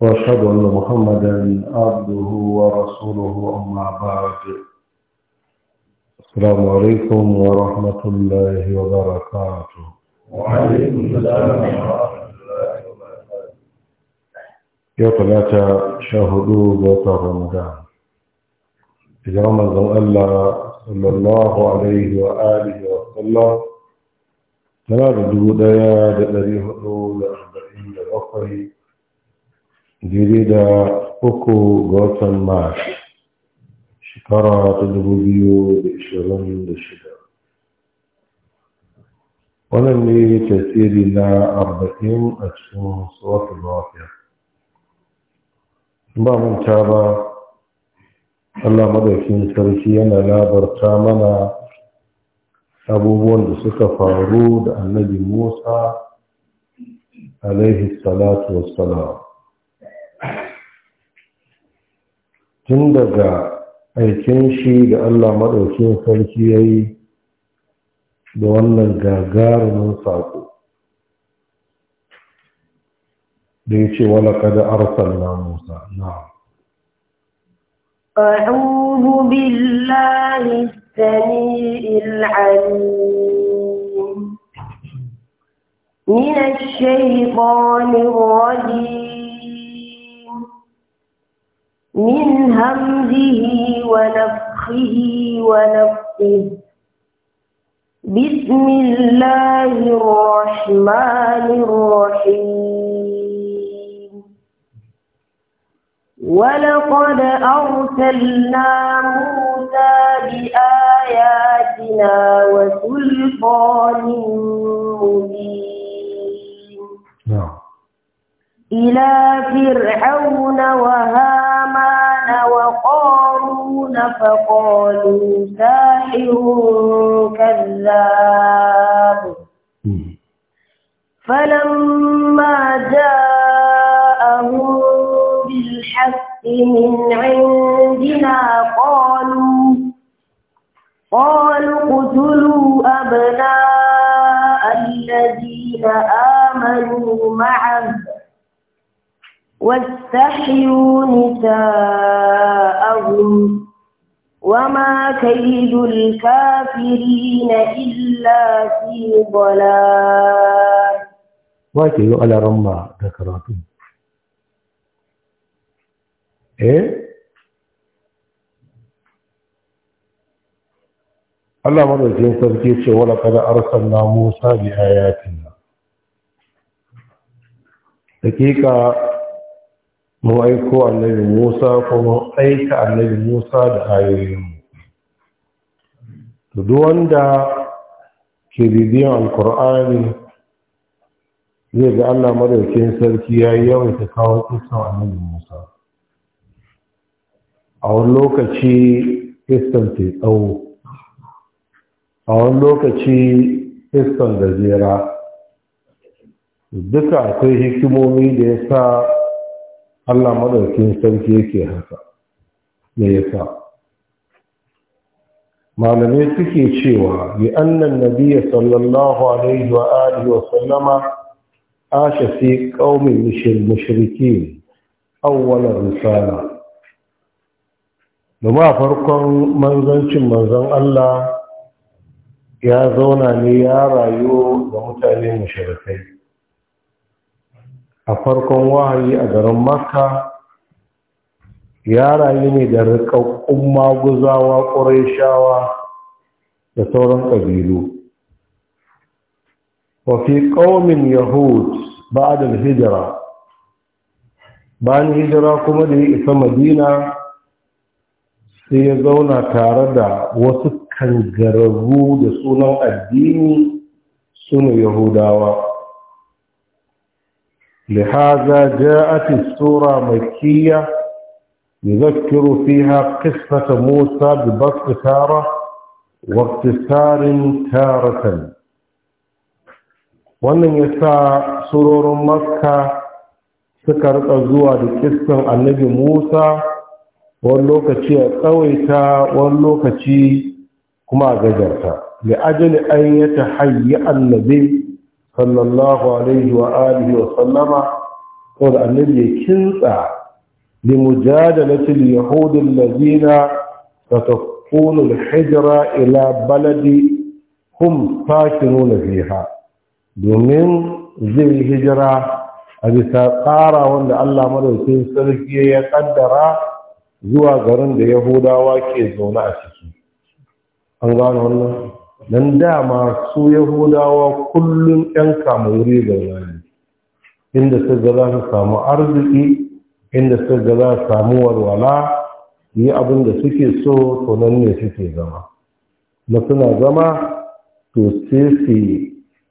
وأشهد أن محمدا عبده ورسوله أما بعد السلام عليكم ورحمة الله وبركاته وعليكم السلام ورحمة الله وبركاته يا ثلاثة شهدوا بوت رمضان إذا رمضان الله صلى الله عليه وآله وسلم ثلاثة دودة دقريه أولى لأربعين لأخرين daidai da uku ga watan mars shekara ta dubu biyu da ishirin da shida wannan ne tasiri na arba'in a cikin tsohon lafiya ba manta ba allah madaukin sarki yana labarta mana abubuwan da suka faru da annabi musa alaihi salatu wassalam tun daga aikin shi da Allah maɗaukin sarki ya yi da wannan gagarumin saƙo da ya ce wala kada arsal na musa na أعوذ بالله السميع العليم من الشيطان الرجيم من همزه ونفخه ونفخه بسم الله الرحمن الرحيم ولقد أرسلنا موسى بآياتنا وسلطان مبين إلى فرعون وهامان وقارون فقالوا ساحر كذاب فلما جاءهم بالحق من عندنا قالوا قالوا اقتلوا أبناء الذين آمنوا معه واستحيوا نساءهم وما كيد الكافرين إلا في ضلال ما على رمى ذكراته إيه الله مرة جين تذكير شو ولقد أرسلنا موسى بآياتنا حقيقة mu aiko annabi Musa ko mu aika annabi Musa da ayoyinmu to duk wanda ke bibiyan alkur'ani zai ga Allah madaukin sarki ya yi yawan ta kawo kisan annabi Musa a wani lokaci kisan ke tsawo a wani lokaci kisan gajera duka akwai hikimomi da ya sa Allah maɗaukin sarki yake haka me yasa malamai suke cewa bi annan nabiyya sallallahu alaihi wa alihi wa sallama asha fi qaumin mushrikin awwalar risala domin farkon manzancin manzan Allah ya zauna ne ya rayu da mutane mushrikai a farkon wahayi a garin makka ya rayu ne da rikakkun maguzawa ƙurayshawa da sauran ƙabilu wafi ƙaumin yahud ba da hijira bayan hijira kuma da ya isa madina sai ya zauna tare da wasu kangararru da sunan addini suna yahudawa لهذا جاءت السورة مكية يذكر فيها قصة موسى ببسط تارة واقتصار تارة wannan ya sa surorin makka suka rika zuwa da kistan annabi musa wani lokaci a tsawaita wani lokaci kuma a gajarta da ajali an yi ta hayyi annabi sallallahu alaihi wa alihi wa sallama saboda annabi ya kintsa لمجادلة اليهود الذين hijira ila إلى بلد هم ساكنون فيها domin zai hijira a bisa tsara wanda Allah madaukin sarki ya kaddara zuwa garin da Yahudawa ke zaune a ciki. An gano wannan? dan dama su yahudawa kullum ɗan kamuri wuri ga wani inda su ga su samu arziki inda su ga su samu walwala yi abin da suke so to ne suke zama na suna zama to sai su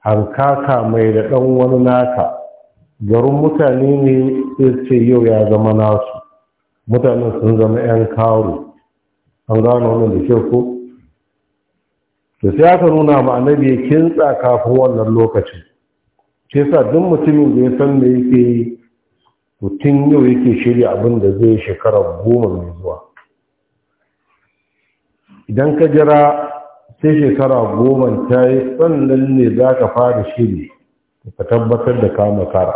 hankaka mai da ɗan wani naka garin mutane ne sai ce yau ya zama nasu mutanen sun zama 'yan kawo an gano wannan da kyau da sai aka nuna ma annabi ya kintsa kafin wannan lokacin sai sa duk mutumin da ya san da yake yi mutum yau yake shirya abin da zai shekara goma mai zuwa idan ka jira sai shekara goma ta yi sannan ne za ka fara shiri ka tabbatar da kama kara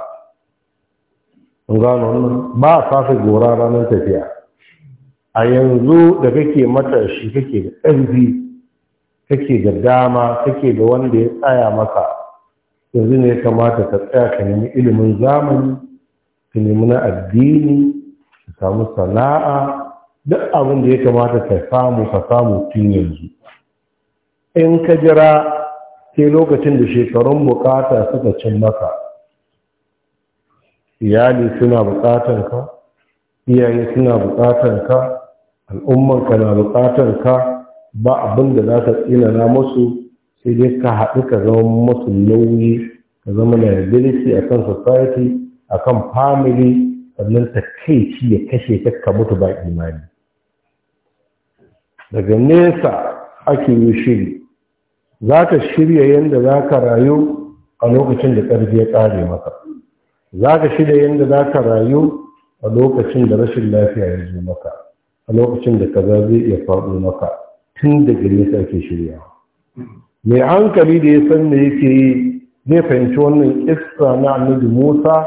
in gano wannan ba a fasa gora ranar tafiya a yanzu da kake matashi kake da ƙarfi kake da dama kake da wanda ya tsaya maka yanzu ne ya kamata ka tsaya ka nemi ilimin zamani ka nemi na addini ka samu sana'a duk abin da ya kamata ka samu ka samu tun yanzu in ka jira sai lokacin da shekarun bukata suka cin maka iyali suna ka iyaye suna ka al'ummanka na ka. ba abin da za ka tsinana musu sai dai ka haɗu ka zama musu nauyi ka zama liability a kan society a kan family sannan ta kai ci ya kashe ka ka mutu ba imani daga nesa ake yi shiri za ka shirya yadda za ka rayu a lokacin da ƙarfi ya ƙare maka za ka shirya yadda za ka rayu a lokacin da rashin lafiya ya zo maka a lokacin da kaza zai iya faɗo maka tun da gari shirya mai hankali da ya san da yake yi zai fahimci wannan iska na annabi musa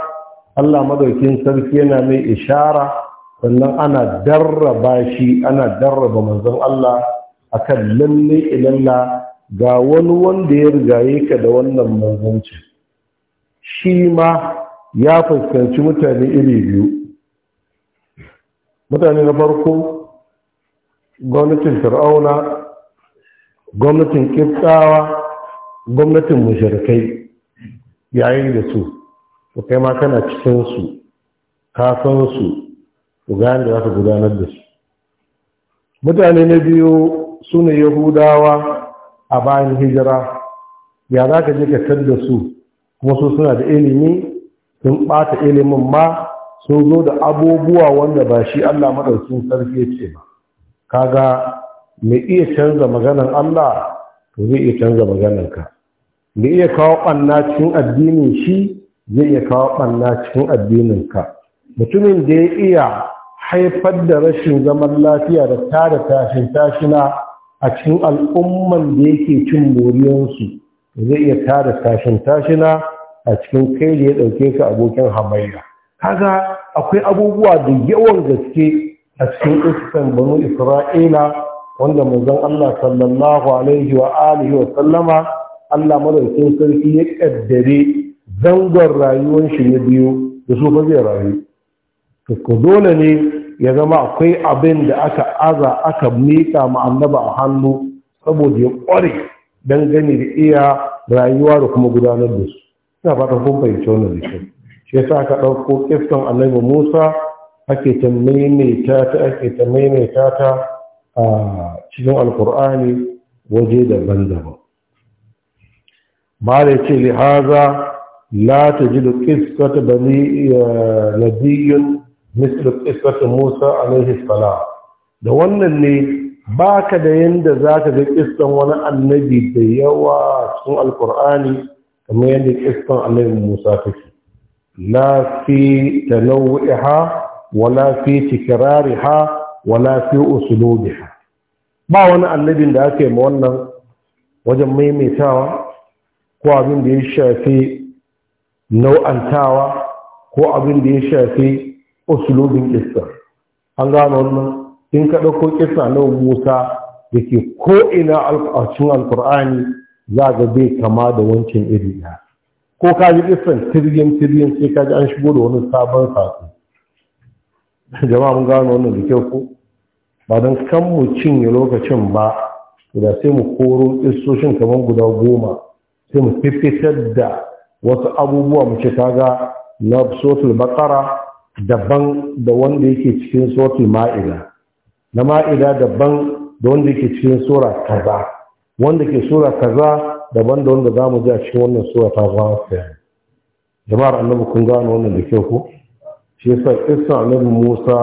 allah madaukin sarki yana mai ishara sannan ana darraba shi ana darraba manzon allah a kan lalle ilalla ga wani wanda ya rigaye ka da wannan manzanci shi ma ya fuskanci mutane iri biyu mutane na farko gwamnatin fir'auna gwamnatin kiftawa gwamnatin mushrikai yayin da su ko kai ma kana cikin su ka san su ku ga yadda za ka gudanar da su mutane na biyu su ne yahudawa a bayan hijira ya za ka je ka da su kuma su suna da ilimi sun ɓata ilimin ma sun zo da abubuwa wanda ba shi allah maɗaukin sarki ya ce ba kaga mai iya canza maganar Allah to zai iya canza maganar ka mai iya kawo ɓanna cikin addinin shi zai iya kawo ɓanna cikin addinin ka mutumin da ya iya haifar da rashin zaman lafiya da tada tashin tashina a cikin al'umman da yake cin moriyarsu zai iya tada tashin tashina a cikin kai da ya ɗauke ka abokin hamayya kaga akwai abubuwa da yawan gaske a cikin iskan banu isra'ila wanda manzon Allah sallallahu alaihi wa alihi wa sallama Allah madaukin sarki ya kaddare zangon rayuwar shi na biyu da su fa rayu to dole ne ya zama akwai abin da aka aza aka mika ma annaba a hannu saboda ya kware dan gani da iya rayuwa da kuma gudanar da su ina fatan kun fahimci wannan shi yasa aka dauko kifton annabi Musa ake ta maimaita ta ake ta maimaita ta a cikin alkur'ani waje daban-daban ba da ce lihaza la ta ji da ƙisƙata bani nabiyun misal ƙisƙata musa alaihi salam da wannan ne ba ka da yadda za ka ga ƙistan wani annabi da yawa cikin alkur'ani kamar yadda ƙistan annabi musa take la fi ta nau'iha wala fi ha wala fi uslubiha ba wani annabin da ake ma wannan wajen maimaitawa ko abin da ya shafi nau'antawa ko abin da ya shafi usulubin isar an gano wannan in ka ɗauko kisa na musa da ke ko'ina alƙarcin alƙur'ani za ga bai kama da wancan iri ɗaya ko ka ji kisan tirgin tirgin sai ka ji an shigo da wani sabon saƙo jama'a mun gano wannan da kyau ko ba don kan mu cinye lokacin ba da sai mu koro isoshin kamar guda goma sai mu fifitar da wasu abubuwa mu ce kaga na sotul bakara daban da wanda yake cikin sotul ma'ida na ma'ida daban da wanda yake cikin sura kaza wanda ke sura kaza daban da wanda za mu ji a cikin wannan sura ta zama Jama'ar annabi kun gano wannan da kyau ko shi yasa kissa annabi Musa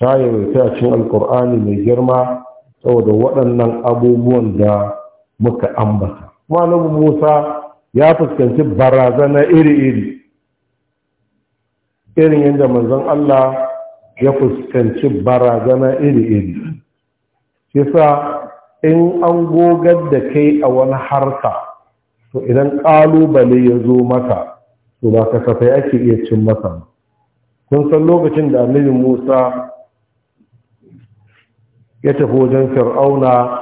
ta yawaita a cikin alkur'ani mai girma saboda waɗannan abubuwan da muka ambata kuma annabi Musa ya fuskanci barazana iri-iri irin yadda manzon Allah ya fuskanci barazana iri-iri shi yasa in an gogar da kai a wani harka to idan ƙalubale ya zo maka to ba kasafai ake iya cin masa ba kun san lokacin da annabi musa ya tafi wajen fir'auna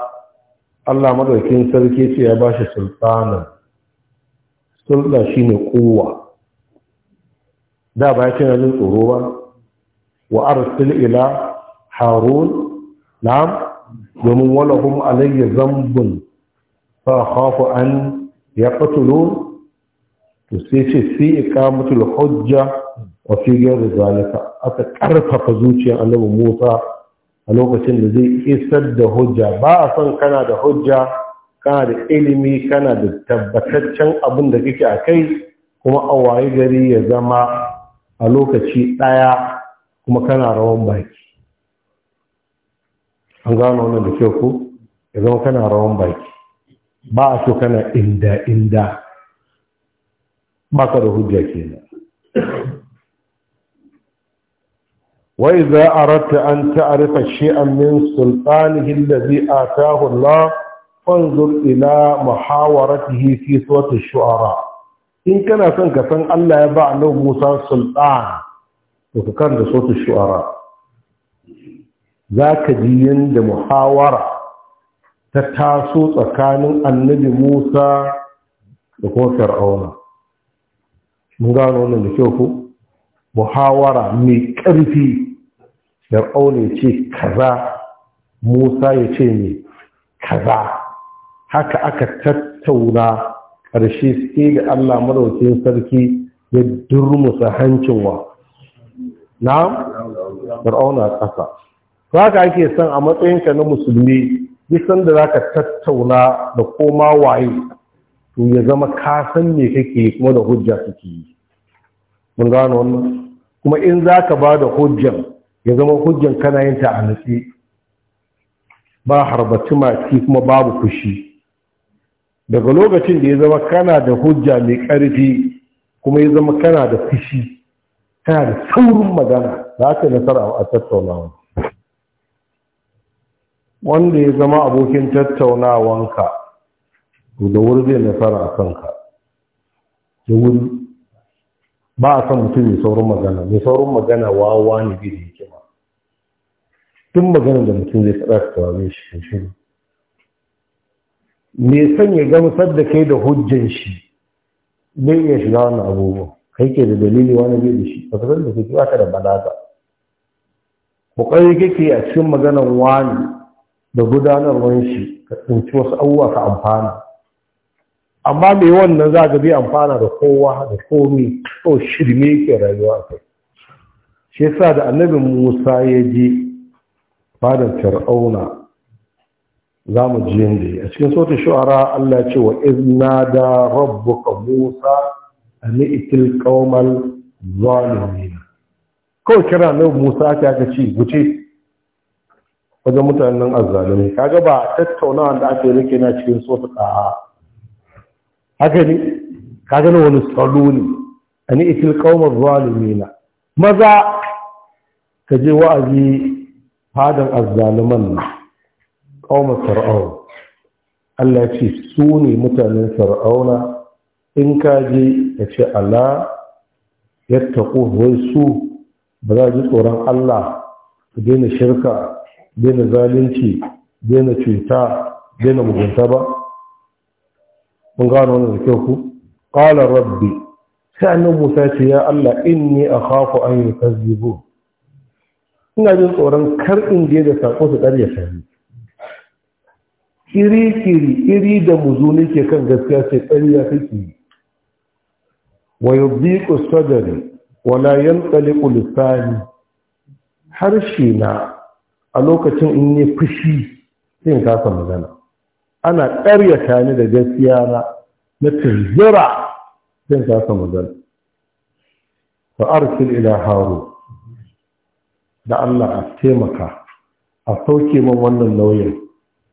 allah madaukin sarki ce ya ba shi sultana Sulɗa shi kowa da ba ya ce tsoro ba wa arsil ila harun na'am domin walahum alayya zambun fa khafu an ya to sai ce sai ikamatul hujja wa fi zalika aka karfafa zuciyar annabin Musa a lokacin da zai isar da hujja ba a son kana da hujja kana da ilimi kana da tabbataccen abin da kake a kai kuma a waye gari ya zama a lokaci ɗaya kuma kana rawan baki an gano wannan da ke ku ya zama kana rawan baki ba a so kana inda inda baka da hujja kenan وإذا أردت أن تعرف شيئا من سلطانه الذي آتاه الله فانظر إلى محاورته في سورة الشعراء إن كان سنك سن الله يبع له موسى سلطان وكان سورة الشعراء ذاك دين ده محاورة تتاسو تكان النبي موسى وكما فرعون من قالوا أنه محاورة من كرفي fir'auna ya ce kaza musa ya ce ne kaza haka aka tattauna ƙarshe sai da allah madaukin sarki ya durmusa hancin wa na fir'auna ƙasa to haka ake son a matsayinka na musulmi bisan da za ka tattauna da koma waye to ya zama kasan me kake kuma da hujja kake yi mun gano wannan kuma in za ka ba da hujjan ya zama hujjan kana yin ta a nutsi ba harbatu maki kuma babu fushi daga lokacin da ya zama kana da hujja mai ƙarfi kuma ya zama kana da fushi kana da saurin magana za ka nasara a tattaunawa wanda ya zama abokin tattaunawanka to da wuri zai nasara a kanka da wuri ba a san mutum mai saurin magana mai saurin magana wawa ne bai da hikima tun maganar da mutum zai faɗa ka tawaye shi shi me san ya gamsar da kai da hujjan shi zai iya shiga wannan abubuwa kai ke da dalili wani zai da shi ba ka san da kake ba da balaga kokari kake a cikin maganar wani da gudanarwar shi ka tsinci wasu abubuwa ka amfana amma mai wannan za ka bi amfana da kowa da komi ko shirme ke rayuwa kai shi yasa da annabi musa ya je fadar fir'auna za mu ji yadda yi a cikin sautin shu'ara Allah ce wa izna da ka musa a ni'itil kawmal zalimina kawai kira na musa ta aka ci guce wajen mutanen azzalumi kaga ba tattaunawa da aka yi rike na cikin sautin a haka ne kaga na wani salo ne a ni'itil kawmal zalimina maza ka je wa'azi fadan azzaluman qauma fir'aun Allah ya ce su ne mutanen fir'auna in ka je ya ce Allah ya taƙo wai su ba za ji tsoron Allah su daina shirka daina zalunci daina cuta daina mugunta ba mun gano wani da kyau ku Ƙalar rabbi sai annabi Musa ce ya Allah in a akhafu an yi yukazzibu ina jin tsoron kar in je da sako su ya sami kiri-kiri iri da muzu nake kan gaskiya sai ya kake wa yubdiqu sadri wa la yanqaliqu lisani harshe na a lokacin in yi fushi sai in kasa magana ana ƙaryata ni da gaskiya na na tunzura sai in kasa magana fa arsil ila haru da Allah a taimaka a sauke min wannan lauyan,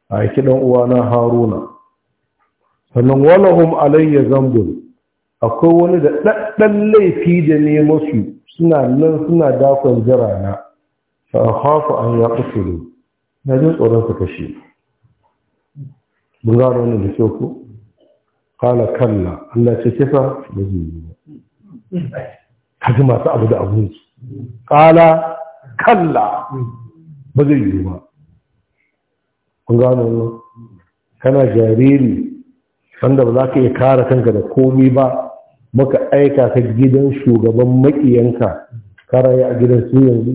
a yaki dan uwana haruna sannan walahum alayya zambun akwai wani da ɗaɗɗan laifi da ne masu suna nan suna dakon jira na fa akhafu an yaqtulu na jin tsoron su kashe mun gano wannan da kyau ko Kala kalla Allah ce kifa da zuwa kaji masu abu da abu ne. Kala. kalla ba zai yiwu ba kun gano ne kana jariri wanda ba za ka iya kara kanka da komi ba maka aika ka gidan shugaban makiyanka ya a gidan su yanzu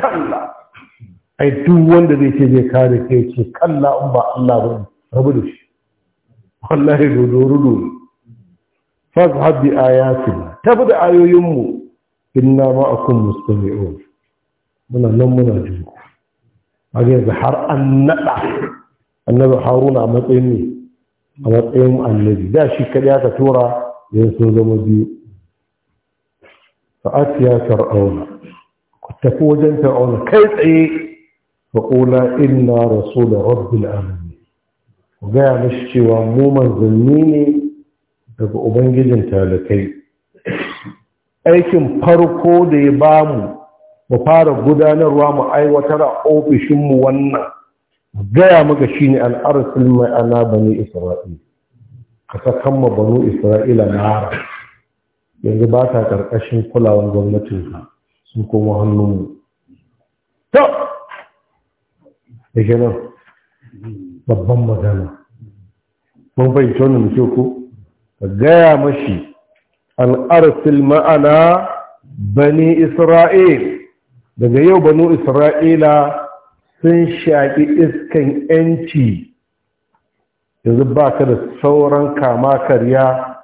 kalla ai duk wanda zai ce zai kare kai ce kalla in ba Allah ba rabu da shi wallahi dodoro dole fa bi ayatina tabu da ayoyinmu inna ma'akum mustami'un muna nan muna jinku. a yanzu har an naɗa annabi haruna a matsayin ne a matsayin annabi da shi kaɗai aka tura yanzu sun zama biyu fa'atiya fir'auna ku tafi wajen fir'auna kai tsaye fa qula inna rasula rabbil alamin ku gaya mashi cewa mu manzanni ne daga ubangijin talakai aikin farko da ya bamu mu fara gudanarwa mu aiwatar a ofishinmu wannan gaya maka shi ne al'arsul mai ana bani isra'ila ka ta kama bane isra'ila nara yanzu ba ta ƙarƙashin kulawan gwamnatinka sun koma hannunmu to da ke nan babban magana mun fahimci wannan muke ko ka gaya mashi al'arsil ma'ana bani isra'ila daga yau banu isra'ila sun shaƙi iskan yanci yanzu ba ka da sauran kama karya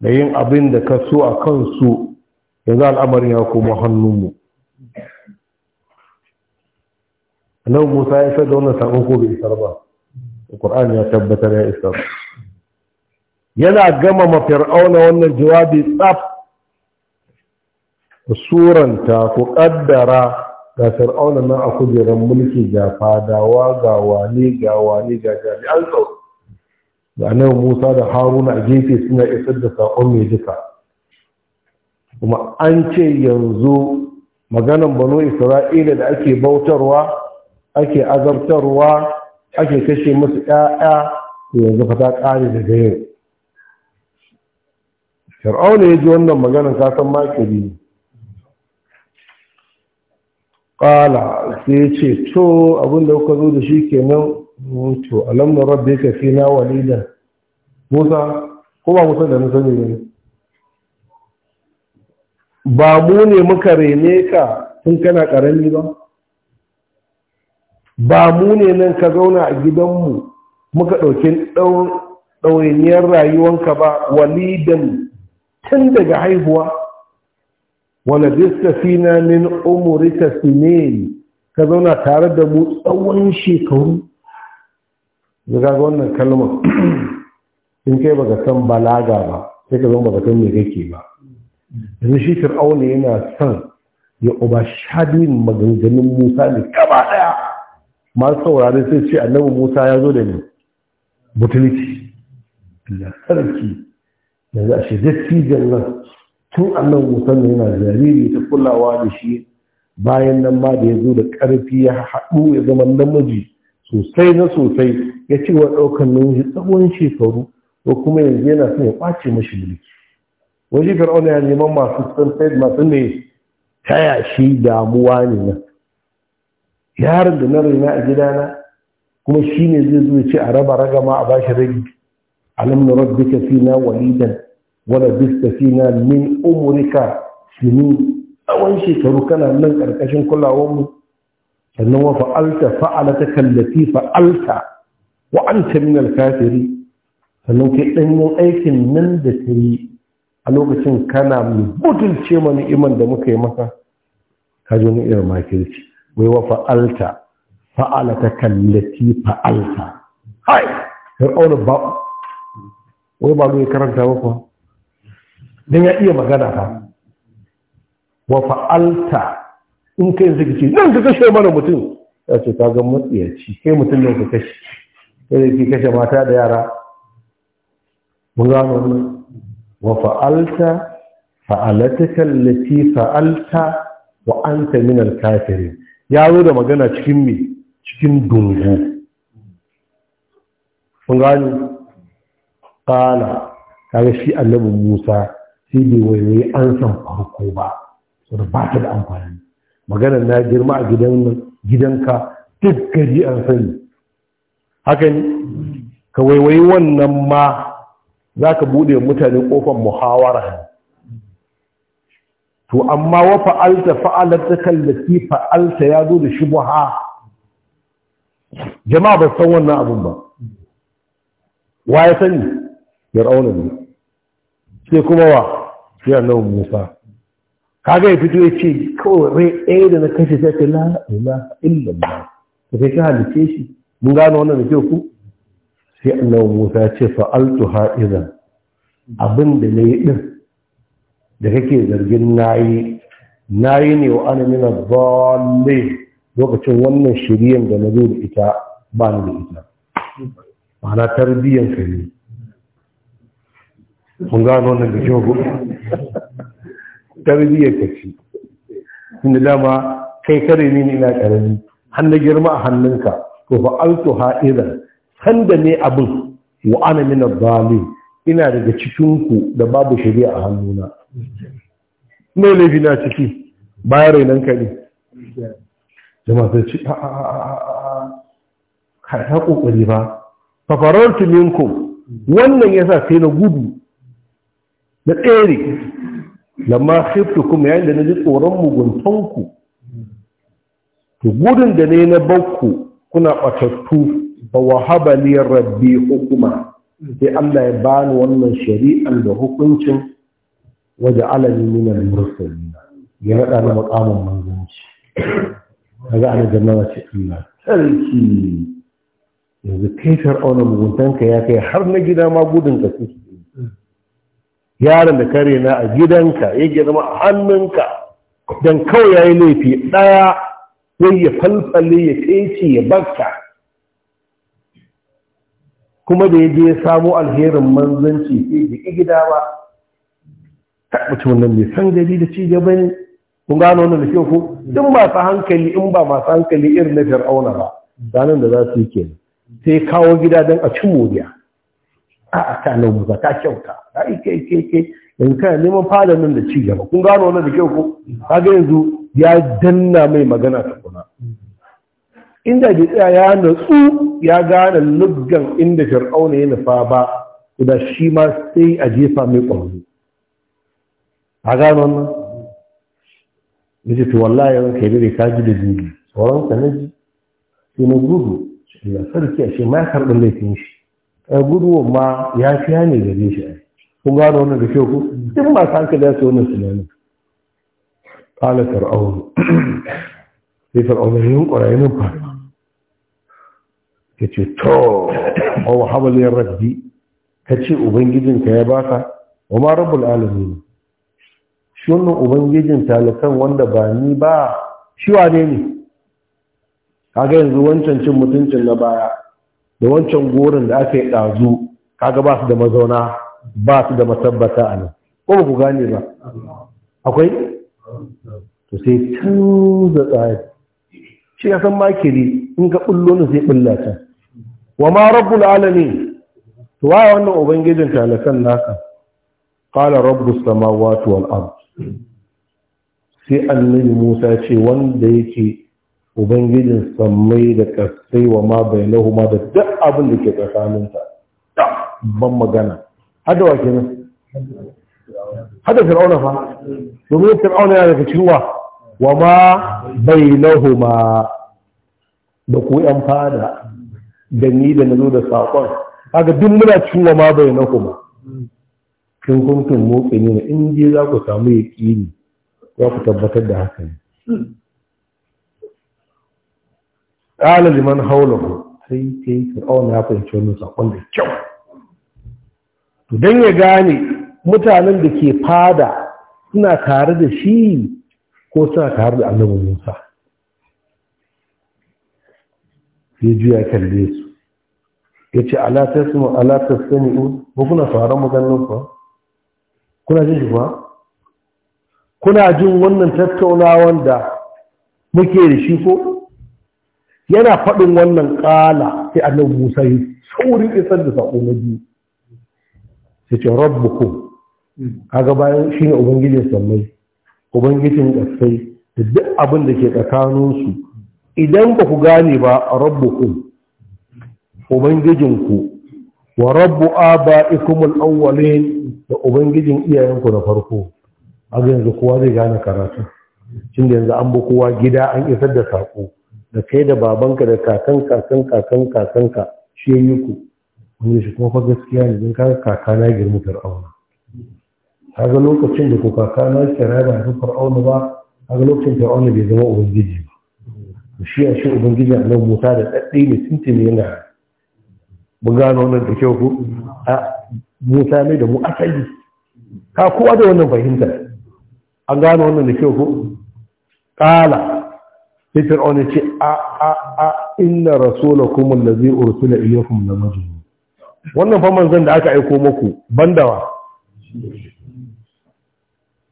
da yin abin da ka so a kansu yanzu al'amarin ya koma hannunmu nan musa ya sa da wannan ko bai isar ba ƙur'an ya tabbatar ya isar yana gama ra'auna wannan jawabi tsaf suranta ku kaddara ga fir'auna nan a kujerar mulki ga fadawa ga wani ga wani ga jami'an tsaro da annabi Musa da Haruna a gefe suna isar da sakon mai duka kuma an ce yanzu maganan banu Isra'ila da ake bautarwa ake azabtarwa ake kashe musu ƴaƴa to yanzu fa ta ƙare daga yau Fir'auna ya ji wannan maganan kasan makiri ƙala sai ya ce to abinda kuka zo da shi ke nan. to a lamar rabbi ya fi na walida musa ko ba musa da na sani ne ba mu ne muka rene ka tun kana ƙarami ba ba mu ne nan ka zauna a gidanmu muka ɗauki ɗauniyar rayuwanka ba walidan tun daga haihuwa wala fina min umurika sinin ka zauna tare da mu tsawon shekaru daga ga wannan kalma in kai baka san balaga ba sai ka zama baka san me kake ba yanzu shi fir'auna yana san ya uba shadin maganganun musa ne gaba daya masu saurari sai ce annabi musa ya zo da ni butulci Allah sarki yanzu a shi dattijan nan tun annan ne yana jariri ta kulawa da shi bayan nan ma da ya zo da ƙarfi ya haɗu ya zama namiji sosai na sosai ya ci wa ɗaukar nauyi tsawon shekaru ko kuma yanzu yana son ya ƙwace mashi mulki waje fir'auna ya neman masu tsantsai masu ne taya shi damuwa ne nan yaron da na raina a gidana kuma shi ne zai zo ya ce a raba ragama a bashi rage alam na rabbi walidan wala fina min umurika sinin tsawon shekaru kana nan karkashin kulawarmu sannan wa fa'alta fa'alata kallafi fa'alta wa anta min alkafiri sannan kai ɗanyen aikin nan da ta yi a lokacin kana mai butulce mani iman da muka yi maka ka zo ni irin makirci wai wa fa'alta fa'alata kallafi fa'alta hai fir'auna ba wai ba mu karanta ba dan ya iya magana fa wa fa'alta in kai zaki ce nan ka kashe mana mutum ya ce ka ga matsiyaci kai mutum ne ka kashe kai da ke kashe mata da yara mun gano mun wa fa'alta fa'alatuka allati fa'alta wa anta min al-kafirin ya zo da magana cikin me cikin dungu mun gano qala kaga shi annabi Musa sai bai waiwai an san farko ba da ba ta da amfani maganar na girma a gidanka duk gari an sani haka ne ka waiwai wannan ma za ka buɗe mutane ƙofar muhawara to amma wa fa'alta fa'alar ta kallafi fa'alta ya zo da shi shubuha jama'a ba san wannan abin ba wa ya sani ya raunar ne sai kuma wa shi na musa kaga ya fito ya ce kawai rai ɗaya da na kashe ta ce la ila illa ba ta kai ka halice shi mun gano wannan da kyau ku sai annabi musa ya ce fa'altu ha'izan abin da na yi ɗin da kake zargin nayi nayi ne wa ana mina zalle lokacin wannan shiriyan da na zo da ita ba ni da ita ma'ana tarbiyyar ka ne Mun gano wannan da kyau ku tarbiyyar ta ce inda dama kai kare ni ina karami hannun girma a hannunka to fa altu ha'iran Tanda ne abin wa ana min ina daga cikin ku da babu shari'a a hannuna me laifi na ciki bayan rainan ka ne jama'a sai ci a a a a ba fafarartu minkum wannan yasa sai na gudu na tsere lamma khiftu kuma yayin da na ji tsoron muguntanku to gudun da ne na bakku kuna batattu ba wahaba ne rabbi hukuma sai Allah ya bani wannan shari'ar da hukuncin waje alami nuna da mursalin ya rada na makamin manzanci ga ana jannaba ce Allah sarki yanzu kai fir'auna muguntanka ya kai har na gida ma gudun ka su yaron da kare na a gidanka ya girma a hannunka don kawai ya yi laifi ɗaya wai ya falfale ya fece ya bakka kuma da ya je ya samo alherin manzanci sai ya ƙi gida ba ta mutumin mai san gari da ci gaba ne kun gano wannan da kyau ko duk masu hankali in ba masu hankali irin na fir'auna ba ranar da za su yi kenan sai kawo gida don a ci moriya a ta nan ba ta kyauta ai ke ke ke in kana neman fada nan da ci gaba kun gano wannan da kyau ko kaga yanzu ya danna mai magana ta kuma inda bai tsaya ya natsu ya gane luggan inda fir'auna ya nufa ba da shi ma sai a jefa mai ƙwarzo a gano wannan yace to wallahi yawan kai bai ka ji da jini sauran ka na ji sai na gudu ya sarki a shi ma ya karɓi laifin shi Eh, gudun ma ya fiya ne gare shi kun gano wani da kyau ku duk masu hankali ya ce wannan tunanin kala fir'aunu sai fir'aunu ya ƙwararri nan ba ya ce to wa habalin rabbi ka ce ubangijinka ya baka wa ma rabbul alamin shi wannan ubangijin talakan wanda ba ni ba shi wane ne kaga yanzu wancan cin mutuncin na baya da wancan goron da aka yi ɗazu kaga ba su da mazauna ba su da matabbata a nan ko ba ku gane ba akwai to sai canza tsari shi ya san makiri in ka ɓullo ne sai ɓulla ta wa ma rabbul alamin to waya wannan ubangijin talakan naka qala rabbus samawa tuwal ard sai annabi Musa ce wanda yake ubangijin sammai da kasai wa ma ma da duk abin da ke tsakaninsa ban magana hada wa kenan hada fir'auna fa domin fir'auna yana daga cikin wa ma bai ma da ku yan fada da ni da nazo da saƙon. Haka duk muna cikin wa ma bainahuma kin motsi ne in je za ku samu yaqini za ku tabbatar da haka ne qala liman haulahu sai sai fir'aun ya fahimci wannan sakon da kyau to dan ya gane mutanen da ke fada suna tare da shi ko suna tare da annabi Musa sai juya kalle su ya ce "Ala alatasani'u ba kuna sauran maganin kuwa kuna jin shi kuwa kuna jin wannan tattaunawan da muke da shi ko yana faɗin wannan ƙala sai annabi musa yi saurin isar da saƙo na biyu sai ce a kaga bayan ne ubangijin sammai ubangijin ƙasai da duk abin da ke tsakaninsu idan ba ku gane ba Ubangijin ubangijinku wa rabbu aba'ikum al-awwalin da ubangijin iyayenku na farko a yanzu kowa zai gane karatu cin da yanzu an bi kowa gida an isar da saƙo da kai da babanka da kakan kakan kakan kakan ka shi ya yi ku wanda shi kuma fa gaskiya ne don kaga kakana girma fir'auna kaga lokacin da ku kakana kira da su fir'auna ba kaga lokacin fir'auna bai zama ubangiji ba shi ya shi ubangiji a nan mota da ɗaɗɗe mai tuntuni yana mun gano wannan da kyau ku a musa mai da mu asali ka kowa da wannan fahimtar. an gano wannan da kyau ku ƙala sai fir'aun ce a a a inna da allazi ursila ilaykum da majnun wannan fa zan da aka aiko muku bandawa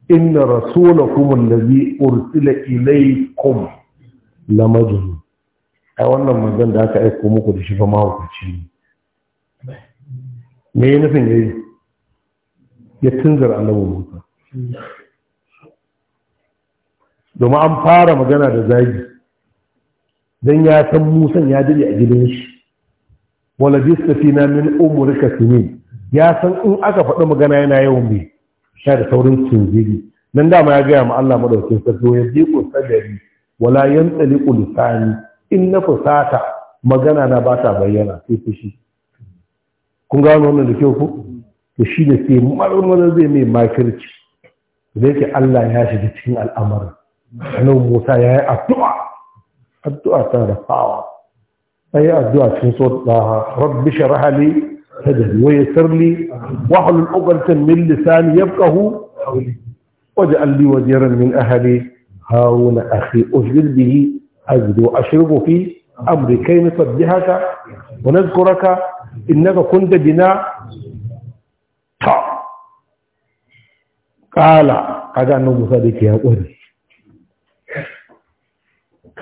inna da allazi ursila ilaykum da majnun ai wannan manzon da aka aiko muku da shi fa mahaukaci ne me ya nufin yayi ya tunzar annabi mutu. domin an fara magana da zagi dan ya san musan ya dade a gidan shi wala na min umrika sinin ya san in aka faɗi magana yana yawan bi sha da saurin cinziri, nan dama ya gaya ma Allah madaukakin sarki ya bi ko sadari wala yantali qulsani in na fusata magana na ba ta bayyana sai fushi kun gano wannan da kyau ko to shi ne sai marmara zai mai makirci da yake Allah ya shiga cikin al'amarin annabi Musa ya yi addu'a addu'a ta rafawa أي أدعاء في صوت رب شرح لي هدري ويسر لي واحلل عقدة من لساني يفقه قولي واجعل لي وزيرا من أهلي هارون أخي أشغل به أجد وأشرب في أمري كي نصدهك ونذكرك إنك كنت بنا قال قال أنه مصدق يا أولي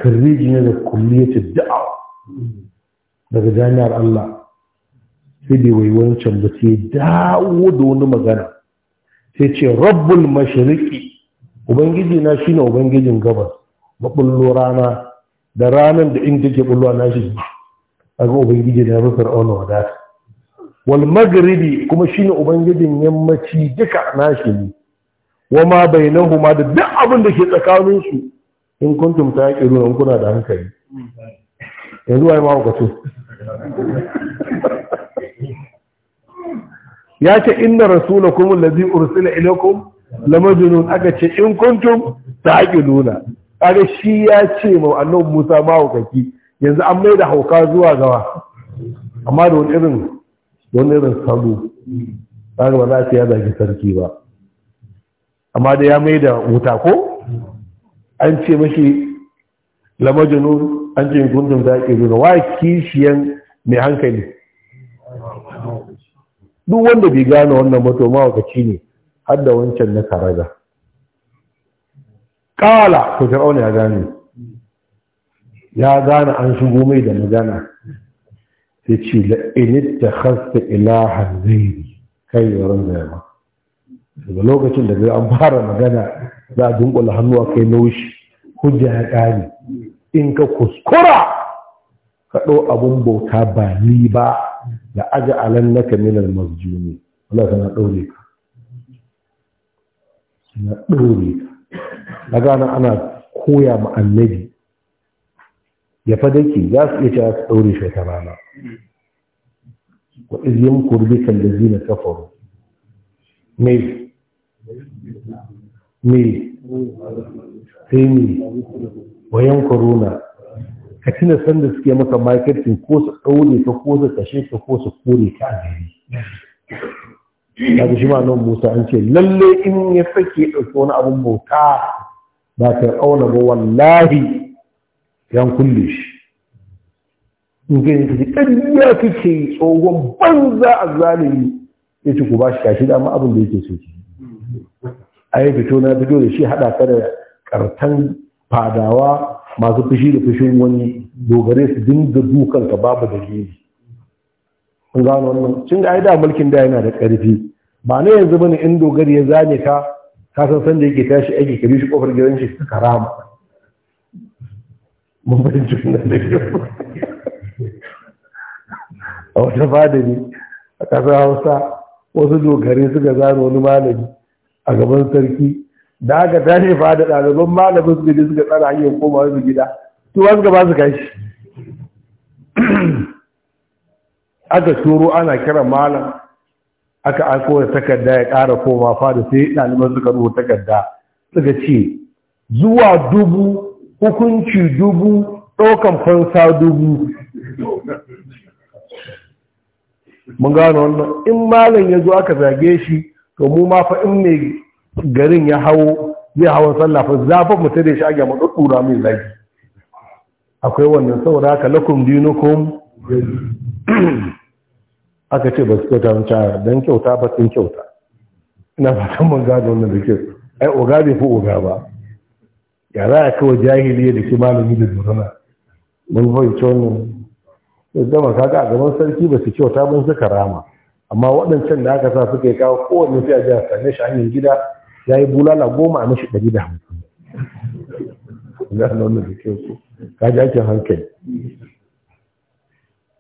karriji ne da kulliyatul da'awa daga jami'ar Allah sai bai wai wancan ba sai dawo da wani magana sai ce rabbul mashiriki. ubangiji na shine ubangijin gabas mabullo rana da ranar da in take bulwa na shi aga ubangiji na rufar auna wadata wal magribi kuma shine ubangijin yammaci duka na shi ne wa ma bainahuma da duk abin ke tsakaninsu in kuntum ta yaƙi in kuna da hankali yanzu yi ma hukacu ya ce inna rasulakum allazi ursila ilaykum lamajnun aka ce in kuntum nuna. kaga shi ya ce ma annabi Musa ma hukaki yanzu an mai da hauka zuwa gawa amma da wani irin wani irin salo kaga ba za ce ya zagi sarki ba amma da ya mai da wuta ko an ce mashi lamajinu an ce gundun ake zuwa wa kishiyan mai hankali duk wanda bai gane wannan mato mawakaci ne har da wancan na karaga ƙala ko fir'auna ya gane ya gane an shigo mai da magana sai ce la'init ta hasta ilahan kai yaron zai ma daga lokacin da an fara magana za a dunkula hannuwa kai laushi hujja ya ƙare in ka kuskura ka ɗau abin bauta ba ni ba da aji alan na kamilar masjuni Allah na ɗaure ka na ɗaure ka na gana ana koya ma annabi ya fadaki za su iya cewa ka ɗaure shi ta rana wa iz yamkur bika allazina kafaru mai me sai ne wayan korona ka tuna sanda suke maka marketing ko su ɗaure ka ko su kashe ka ko su kore ka a gari daga shi ma nan musa an ce lalle in ya sake ɗauki wani abin bauta ba ka auna ba wallahi yan kulle shi in ka yanka ji ƙarya kake tsohon banza a zalimi ya ci ku ba shi kashi dama abin da yake so ki a yi fito na fito da shi hada ta da ƙartan fadawa masu fushi da fushin wani dogare su dinga dukan ka babu gini sun gano wannan cin da ai da mulkin da yana da ƙarfi ba na yanzu bane in dogari ya zane ka ka san san da yake tashi aiki kabi shi kofar gidan shi ka karama mun bari cikin da a wata fada ne a ƙasar hausa wasu dogare suka zane wani malami a gaban sarki da aka tashi fa da ɗaliban malamin suka gidi suka tsara hanyar koma su gida to wasu gaba su shi. aka turo ana kira malam aka aiko da takarda ya ƙara koma fada sai ɗaliban suka rubuta takarda suka ce zuwa dubu hukunci dubu ɗaukan fansa dubu mun gano wannan in malam ya zo aka zage shi to mu ma fa in mai garin ya hawo zai hawan sallah fa zafin mutum da shi a mu dudura mai zagi akwai wannan saboda haka lakum dinukum aka ce ba su kyauta mun cara dan kyauta ba sun kyauta ina fatan mun gado wannan da kyau ai oga bai fi oga ba ya za a kawai jahiliya da ke malami da durana mun fahimci wannan ya zama kaga a gaban sarki ba su kyauta ban suka rama amma waɗancan da aka sa suka yi kawo kowane sai a ji same shi hanyar gida ya yi bulala goma a mashi ɗari da hamsin gano wannan da ke ku kaji ake hankali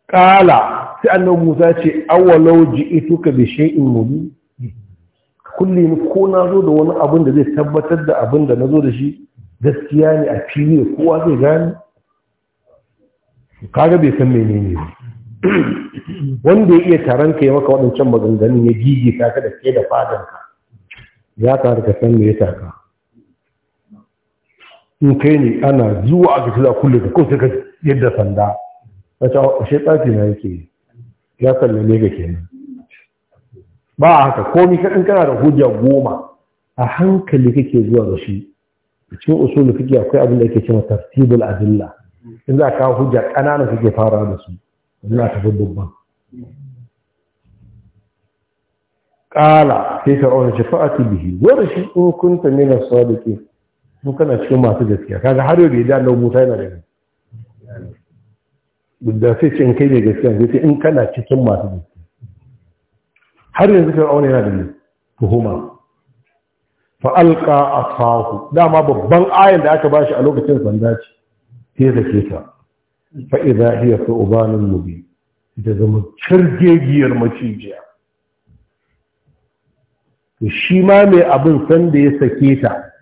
ƙala sai annabi musa ce awalau shi in shay'in kulle ni ko na zo da wani abin da zai tabbatar da abin da na zo da shi gaskiya ne a fili kowa zai gane kaga bai san menene ba wanda ya iya taron ka ya maka waɗancan maganganun ya gigi ka da ke da fadanka ya ka harka san me ya taka in kai ne ana zuwa a gasila kullum ka ko sai ka yadda sanda cewa oh, ashe tsafi na yake ya sallame ga kenan ba haka komi kaɗan kana da hujja goma a hankali kake zuwa da shi cikin usulu fiqh akwai abin da ake cewa tartibul adilla in za ka hujja ƙanana kake fara da su zuwa tafi dubban ƙala sai fir'auna ce fa'ati bihi wani shi in kunta ne na sadiki in kana cikin masu gaskiya kaga har yau da yadda Allah Musa yana da da sai ce in kai ne gaskiya sai ce in kana cikin masu gaskiya har yanzu kai fir'auna yana da tuhuma fa alqa asahu dama babban ayin da aka bashi a lokacin sanda ce sai ya ke ta fa'iza hiya mu mubi da zama cargegiyar macijiya shi ma mai abin sanda ya sake ta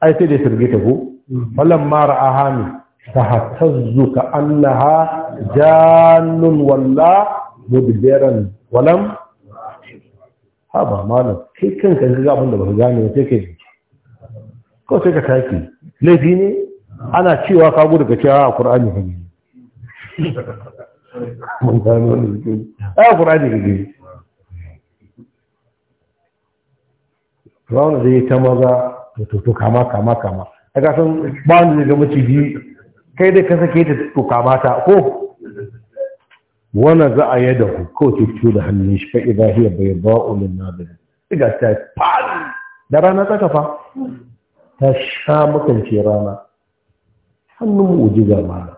ai sai da sirge ta ko falon mara a hannu ta hatazzu ka annaha jannun walla mudbiran walam ha ba malam kai kanka ga abin da ba gane ba sai kai ko sai ka taki laifi ne ana cewa ka gudu ka cewa a ƙur'ani ka gano a ƙur'ani rauna da ya ta maza to kama kama kama a kasan ba wanda zai ga maciji kai dai ka sake ta to kama ta ko wannan za a yada ku ko ki fito da hannun shi fa idan hiya bai na min nadir diga ta fali da rana ta kafa. ta sha makance rana hannun mu'ujiza gama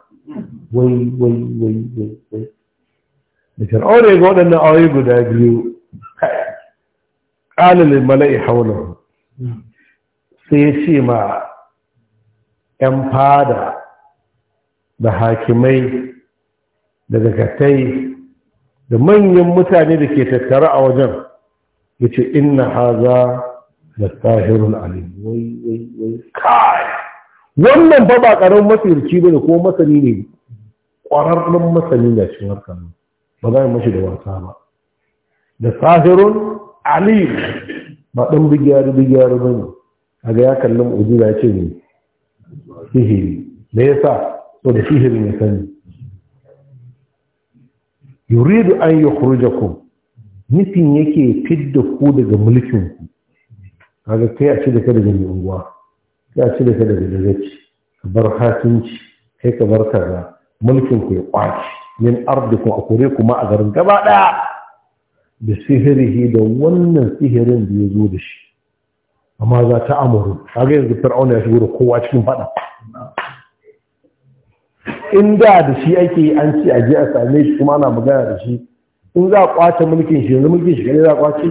wai wai wai wai da fir'auna ga waɗannan awai guda biyu ƙalilin mala'i haunar sai ya ce ma 'yan fada da hakimai da zakatai da manyan mutane da ke tattara a wajen ya ce inna haza da tsahirun alim wai wai wai kai wannan fa ba karamin masirci ba ne ko masani ne ƙwararren masani na cikin harkar ba za a mashi da wasa ba da sahirun ali ba ɗan bigiyar bigiyar ba ne a ga ya kalli mu'ujiza ya ce ne sihiri ya yasa so da sihiri ya sani yuridu an yukhrijakum nufin yake fidda ku daga mulkinku ku ga kai a ce da ka daga mai unguwa ya da ka daga dagaci ka bar hatunci kai ka bar kaza mulkin ku ya kwaci min ku a kore kuma a garin gaba ɗaya da sihirihi da wannan sihirin da ya zo da shi amma za ta amuru ga yanzu fir'auna ya shigo da kowa cikin fada in da da shi ake yi an ce a je a same shi kuma ana magana da shi in za a kwace mulkin shi yanzu mulkin shi ne za a kwace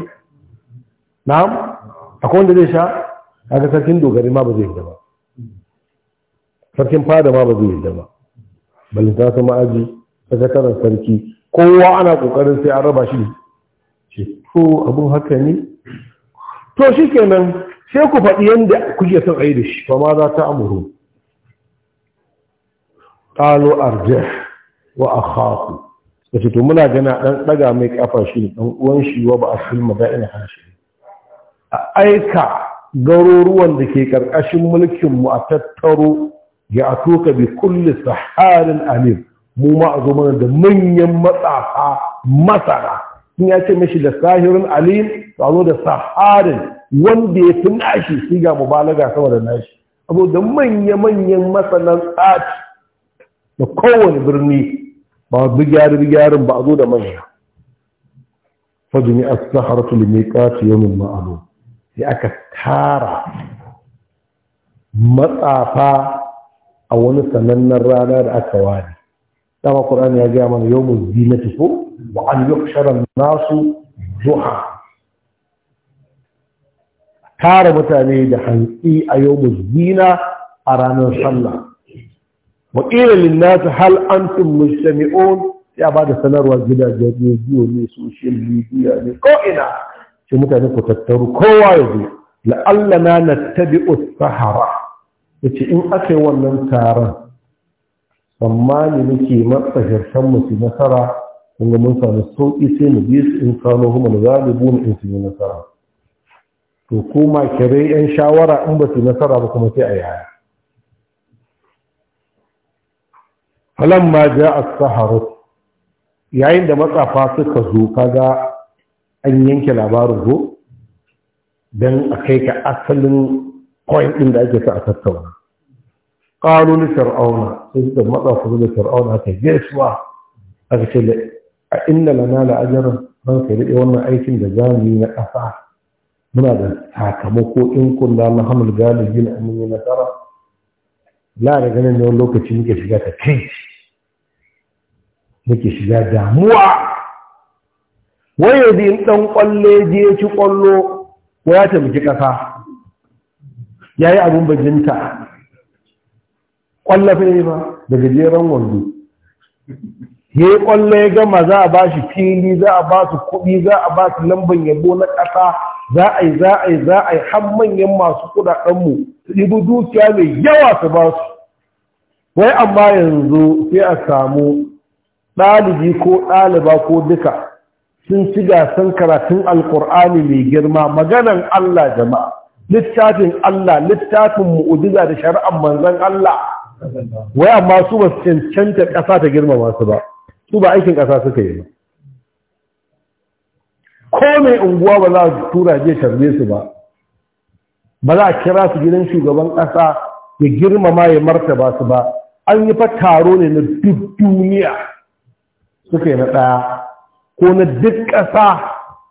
na'am akwai wanda zai sha kaga sarkin dogari ma ba zai yadda ba sarkin fada ma ba zai yadda ba balinta ta ma'aji sakataren sarki kowa ana kokarin sai an raba shi ce to abin haka ne to shi kenan sai ku faɗi yadda kuke son ayi da shi ba ma za ta amuru ƙalo arjih wa a haku. da ce to muna gana ɗan ɗaga mai ƙafa shi ne ɗan uwan shi wa ba a filma ba ina harshe aika garuruwan da ke ƙarƙashin mulkinmu a tattaro ya atoka bi kulli saharin alim mu ma a zo mana da manyan matsafa masara in ya ce mashi da sahirin alim a zo da saharin wanda ya fi nashi mu mubalaga sama da nashi a zo da manya-manyan masanan tsaci da kowane birni ba bigyari-bigyarin ba a zo da manya fajini a saharatu limiƙa ce yau min sai aka tara matsafa a wani sanannen rana da aka wani dama Qur'an ya gaya mana yawmul zinati ko ba an yuhshara nasu duha tara mutane da hantsi a yawmul zina a ranar sallah wa qila lin nas hal antum mujtami'un ya bada sanarwa gidajen rediyo ne social media ne ko ina sai mutane ku tattaru kowa ya zo la'alla na na usahara. ya ce in aka yi wannan taron tsammani muke matsahirtan mu musu nasara kun ga mun samu sauƙi sai mu bi su in kano na da zalibun in su yi nasara to kuma kire yan shawara in ba su nasara ba kuma sai a yaya falamma ja'a as saharu yayin da matsafa suka zo kaga an yanke labarin ko don a kai ka asalin point ɗin da ake sa a tattauna ƙalu ni shar'auna sai suka matsa kuma da fir'auna ta gaisuwa aka ce a inda lana da ajaran ran sai daɗe wannan aikin da za mu yi na ƙasa muna da sakamako in kunda na hamul galibi na amini na nasara la da ganin ne wani lokaci muke shiga ta kai muke shiga damuwa wai yanzu in ɗan ƙwallo je ci kwallo, ko ya taimaki ƙasa ya yi abin bajinta ƙwallafa ne ba daga gajeren wanzu. ya yi ƙwallo ya gama za a ba shi fili za a ba su kuɗi za a ba su lamban yabo na ƙasa za a yi za a yi za a yi har manyan masu kuɗaɗenmu su ɗibi dukiya mai yawa su ba su wai amma yanzu sai a samu ɗalibi ko ɗaliba ko duka sun ci gasan karatun alkur'ani mai girma maganan Allah jama'a littafin Allah littafin mu'ujiza da shari'ar manzon Allah wai amma su ba su cancanta ƙasa ta girmama su ba su ba aikin ƙasa suka yi ba ko mai unguwa ba za su tura je tarbe su ba ba za a kira su gidan shugaban ƙasa ya girmama ya martaba su ba an yi fa taro ne na duk duniya suka yi na ɗaya ko na duk ƙasa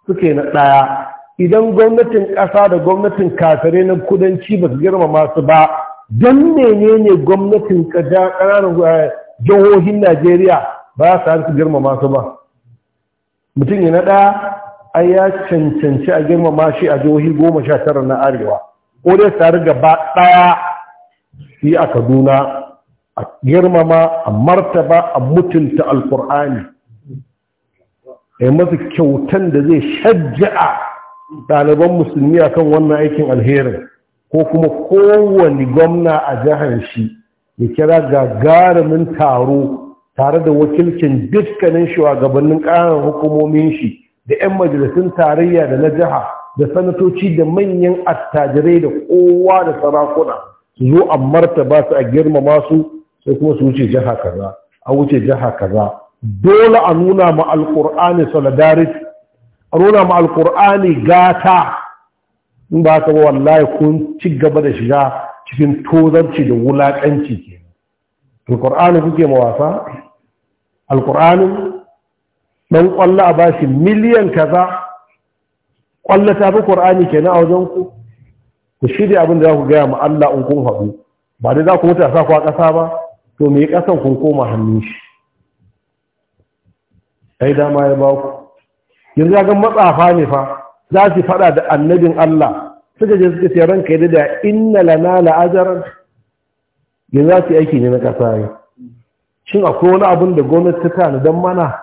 suke na ɗaya idan gwamnatin ƙasa da gwamnatin kasare na kudanci ba su girma masu ba don menene gwamnatin ƙananan eh, jihohin najeriya ba su su girma masu ba mutum ya na ɗaya a ya cancanci a girmama shi a jihohi goma sha tara na arewa ko dai tare gaba ɗaya yi a kaduna a girmama a martaba a mutunta alkur'ani ya masu kyautan da zai shajja'a ɗaliban musulmi akan wannan aikin alherin ko kuma kowane gwamna a jihar shi ya kira gagarumin taro tare da wakilcin dukkanin shugabannin ƙarar hukumomin shi da 'yan majalisun tarayya da na jiha da sanatoci da manyan attajirai da kowa da sarakuna su zo a martaba su a girmama su sai kuma su wuce jiha kaza a wuce jiha kaza dole a nuna ma alkur'ani solidarity a nuna ma alkur'ani gata in ba ka wallahi kun ci gaba da shiga cikin tozarci da wulaƙanci ke alkur'ani kuke ma wasa alkur'ani ɗan ƙwallo a bashi miliyan kaza ƙwallo ta fi ƙur'ani kenan a wajen ku ku shirya abin da za ku gaya ma Allah in kun haɗu ba dai za ku mutu a sa ku ƙasa ba to me ƙasan kun koma hannun shi ai dama ya ba ku yanzu ya ga matsafa ne fa za su faɗa da annabin Allah suka je suka ce ranka da inna lana la'ajaran yanzu za su aiki ne na ƙasa ne shin akwai wani abin da gwamnati ta tana don mana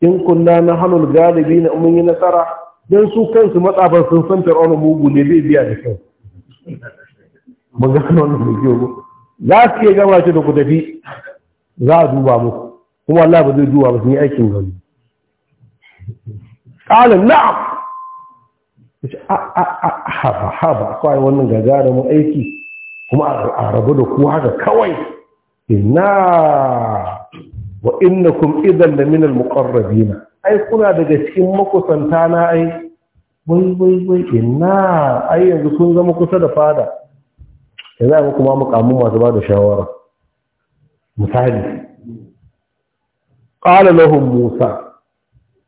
in kunna na halul galibi na mun yi nasara dan su kansu matsafan sun san fir'auna mugu ne bai biya da kyau mun ga wannan da kyau za su iya gama shi da ku tafi za a duba muku kuma Allah ba zai duba ba sun yi aikin gani ƙalin na'am haba kawai wannan gagarumin aiki kuma a rabu da kuwa haka kawai ina wa innakum idan da minal na? ai kuna daga cikin makusanta na ai wai wai wai ina ai yanzu kun zama kusa da fada yanzu ai kuma mukamin masu ba da shawara misali qala lahum musa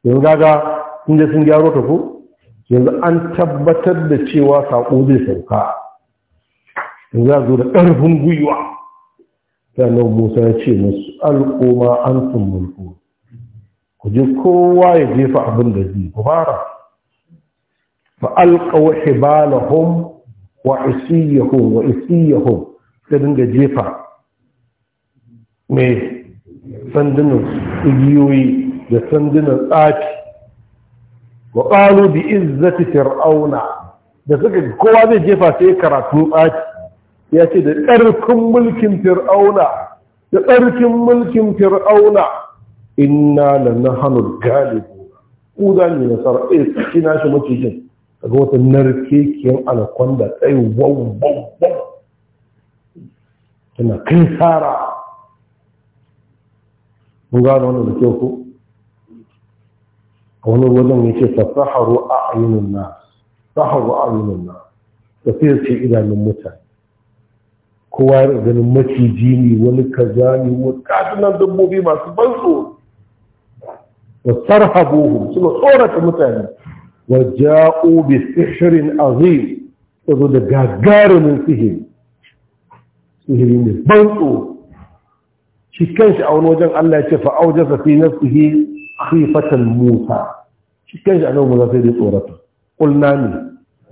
yanzu gaga inda sun gyaro ta ko yanzu an tabbatar da cewa saƙo zai sauka yanzu zo da ƙarfin gwiwa sannan musa ya ce masu alƙoma an sun mulku ku je kowa ya jefa abin da zai ku fara fa alƙaw hibalahum wa isiyahum wa isiyahum ta dinga jefa mai sandunan igiyoyi da sandunan tsafi wa ƙalu bi izzati fir'auna da suka kowa zai jefa sai karatu tsafi ya ce da ƙarfin mulkin fir'auna da ƙarfin mulkin fir'auna inna la nahnu galibu kuda ne eh, na sar eh kina shi macijin daga wata narkekiyar alakwanda tsaye wau wau tana kai tsara. mun gano wannan da kyau ko wani wajen ya ce ta saharu a ainihin na saharu a ainihin na tafiyar ce idanun mutane kowa ya ganin maciji ne wani kaza ne wani kadunan dabbobi masu ban tsoro wa sarhabuhu suna tsorata mutane wa ja'u bi sihrin azim zo da gagarumin sihiri sihiri ne ban tsoro shi kanshi a wani wajen Allah ya ce fa auja fi nafsihi خيفة موسى كيف يعني موسى في صورته قلنا لي